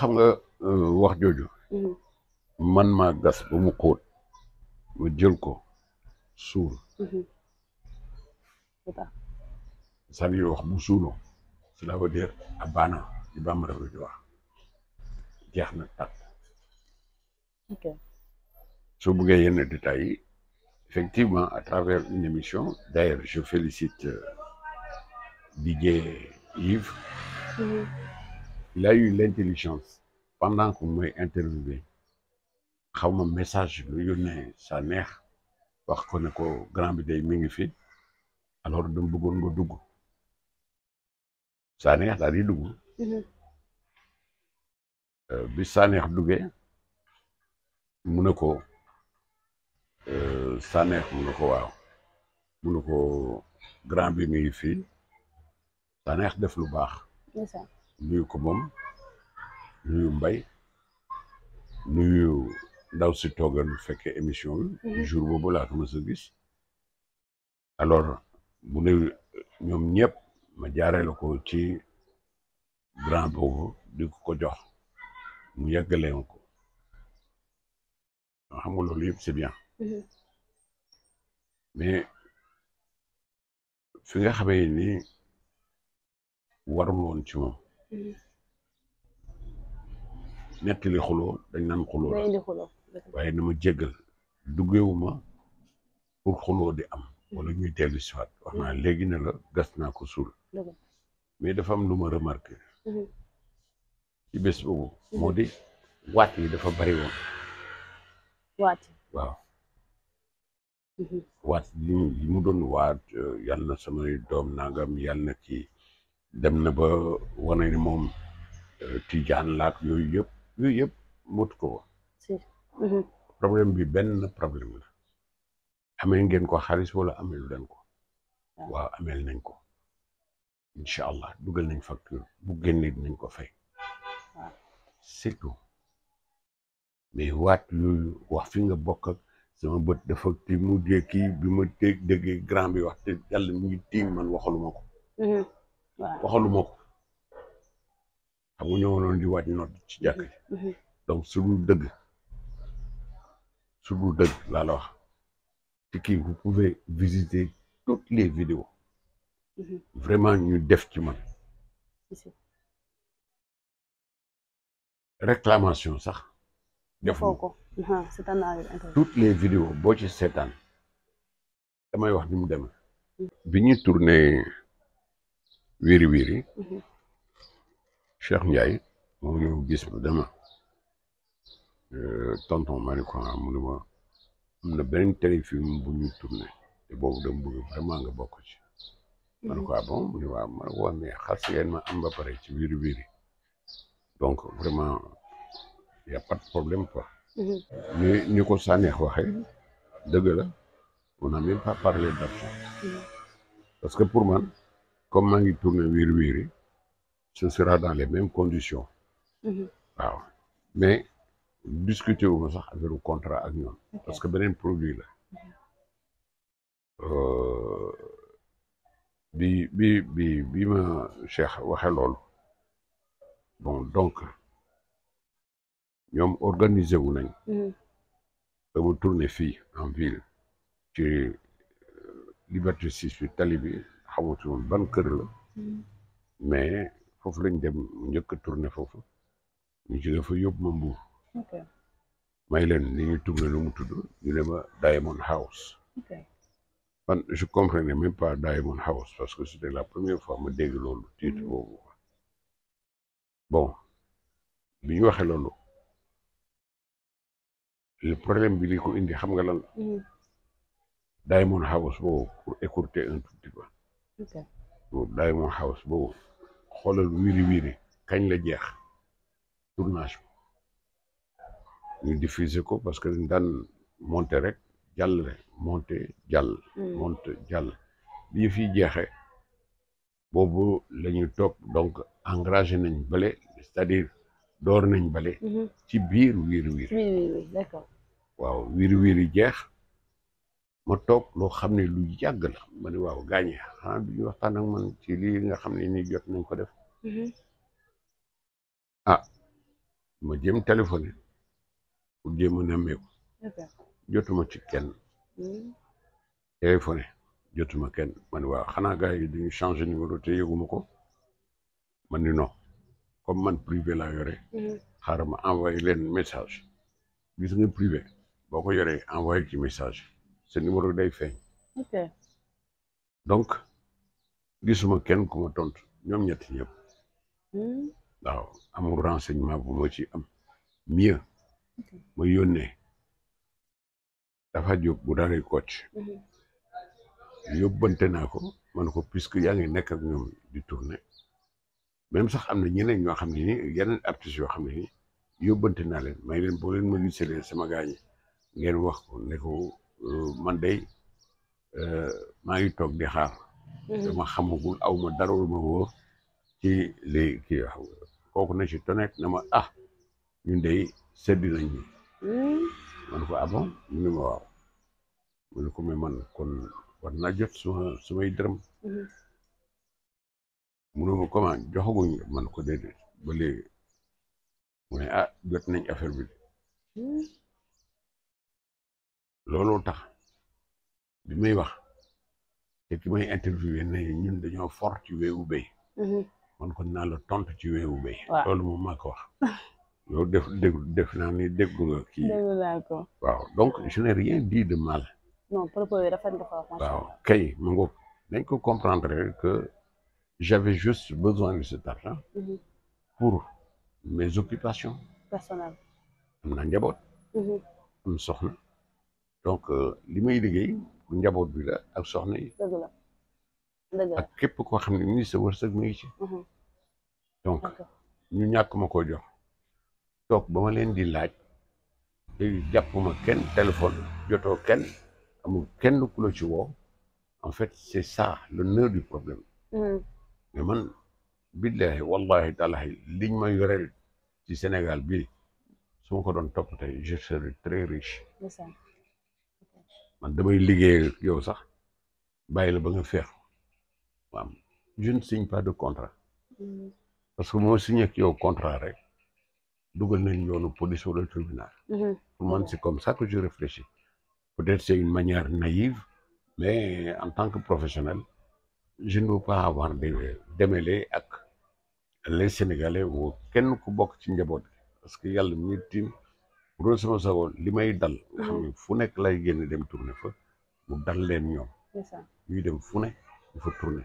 xam nga euh, wax jooju mm. man maa gas ba mu xóot mu jël ko suul mm-hmm. cest wax bu suuloo cela veut dire a baana di bambara bi jeex na tàkk soo bëggee yenn détails effectivement à travers une émission d'ailleurs je félicite euh, DJ Yves mm-hmm. il a eu l'intelligence pendant que mooy interviewé xaw ma message lu yónnee sa neex wax ko ne ko grand bi day mi ngi fi alors dama bëggoon nga dugg sa neex daal di dugg mhm. euh, bi sa neex duggee mu ne ko euh, sa neex mu ne ko waaw mu ne ko grand bi mi fi sa neex def lu baax nuyu ko moom nuyu mbay nuyu ndaw si toogal fekke émission bi mhm. jour boobu laa ko mës a gis alors mu ne ñoom ñëpp ma jaaree la ko ci grand boobu di ko jox mu yàggaleen ko xam nga loolu yëpp c'est bien mhm. mais fi nga xamee ni waruloon ci moom nettali xuloo dañ naan xuloo la waaye na ma jéggal duggewuma pour xuloo di am walla ñuy dellu wax naa léegi na la gas naa ko suul mais dafa am lu ma remarqué mhm. ci bés boobu moo di waat yi dafa bari woon waat waaw mhm. waat li mu doon waat euh, yàlla na samay doom nangam yàlla kii dem na ba wane ni moom euh, tijaan laak yooyu yëpp yooyu yëpp motu ko woon mhm. problème bi benn problème la amee ngeen ko xaalis wala amelu den ko waaw ameel nañ ko incha allah dugal nañ facture bu génnee nañ ko fay c'est tout mais waat yooyu wax fi nga bokk sama bët dafa ti mujjee kii bi ma dégg déggee grand bi wax te yàlla mu ngi man waxaluma ko mhm. waxaluma ko xam nga ñoo noonu di waaj nodd ci jàkk ji mm-hmm. donc su dëgg su dëgg laa la wax te kii vous pouvez visiter toutes les vidéos mm-hmm. vraiment ñu def ci man réclamation sax defoo ko ah, toutes les vidéos boo ci seetaan damay wax ni mu demee mm-hmm. bi ñu tourné wiiri wiiri mhm. Cheikh Ndiaye moo ñëw gis ma dama euh, tonton ma ne ko mu ne ma am na beneen téléfilm bu ñu tourné te boobu dama bëgg vraiment nga bokk ci ma ne ko ah bon mu ne waaw ma ne ko ma am ba pare ci wiiri wiiri donc vraiment y a pas de mhm. ni ni ko Sanex waxee dëgg la n'a même pas parlé d'argent mhm. parce que pour man comme maa ngi tourné wiir wiiri ce sera dans les même conditions mhm. waaw mais discuter wu ma sax affaire contrat ak ñoom parce que beneen produit la euh, bi bi bi bi ma Cheikh waxe loolu bon donc ñoom organisé wu nañ dama mhm. tourné fii en ville ci euh, Liberté 6 bi tali bi xamatu woon ban kër la hmm. mais foofu lañ dem njëkk a tourné foofu ñu jóge fa yóbbu ma mbuur may leen li ñuy lu mu tudd ñu ne ma Diamond House man je comprenais même pas Diamond House parce que c'était la première fois ma dégg loolu titre hmm. boobu bon bi ñu loolu le problème bi li indi xam nga lan hmm. Diamond House boobu pour écourter un tout petit peu daay moo house boobu xoolal wiri wiri kañ la jeex tournage bi ñu diffusé ko parce que dañ daan monté rek jàll monté jàll hmm. monté jàll bi ñu fiy jeexe boobu la ñu toog donc engagé nañ bale c'est-à-dire door nañ bale mhm. ci biir wiiri wiiri wiiri wiiri jeex ma toog loo xam ne lu yàgg la ma ne waaw gaañe xanaa du ñu man ci lii nga xam ne ni jot nañ ko def mm-hmm. ah ma jéem téléphoné pour jéem a nemmeeku jotuma ci kenn mm-hmm. téléphoné jotuma kenn ma ne waaw xanaa gars yi di changé numéro te yëguma ko ma ni noo comme man privé la yore mm-hmm. xaaral ma envoyé leen message gis nga privé boo ko yoree envoyé ci message sa numéro day feeñ. donc donc gisuma kenn ku ma tontu ñoom ñetti ñëpp. Hmm. waaw amul renseignement bu ma ci am mieux ma yónnee dafa jóg bu daaree coach mhm. yóbbante naa ko man ko puisque yaa ngi nekk ñoom di tourner mee sax am na ñeneen ñoo xam ne ni yeneen artistes yoo xam ne ni yóbbante naa leen may leen boo leen ma gisee sama gaañi ngeen wax ko ne ko Euh, man day euh, maa ngi toog di xaar mhm. dama xamagul aw ma dara ma wóor ci li kii xam kooku na ci tonet na ma ah ñun day seddi nañ ñi hmm. man ko abon ah mu ne waaw mu ne ko man kon war naa jot suma sumay dërëm mënu mhm. ma comment man ko déedéet ba léegi mu ne ah jot nañ affaire bi hmm. looloo tax bi may wax te ki may interviewé ne ñun dañoo fort ci weewu béy mhm. man kon naa la tontu ci weewu béy loolu moom maa ko wax loolu def def naa ni déggu nga kii waaw donc je n'ai rien dit de mal waaw kay ma ngoog dañ ko comprendre que j'avais juste besoin de cet argent mhm. pour mes occupations personnelles am na njaboot mhm. am soxna donc euh, li may liggéey njaboot bi la ak soxna yi. ak képp koo xam ne nii sa wërsëg mi ngi ci. Mhm. donc ñu ñàkk ma koo jox. toog ba ma leen di laaj. léegi jàppuma kenn téléphone jotoo kenn amul kenn ku la ci woo en fait c'est ça le nœud du problème. Mhm. mais man billahi wallahi taalahi liñ ma yoreel ci Sénégal bii su ma ko doon topp tey je serai très riche. man damay liggéey ak yow sax bàyyi la ba nga feex waaw je ne signe pas de contrat mm. parce que moo signé ak yow contrat rek dugal nañ yoonu police wala tribunal mm-hmm. pour man c'est comme ça que je réfléchis peut-être c'est une manière naïve mais en tant que professionnel je ne veux pas avoir des démêlés ak les sénégalais woo kenn ku bokk ci njaboot parce que yàlla mi tiim Rose Rose li may dal nga xam ne fu nekk lay génn dem tourné fa mu dal leen ñoom ñuy dem fu ne dafa tourné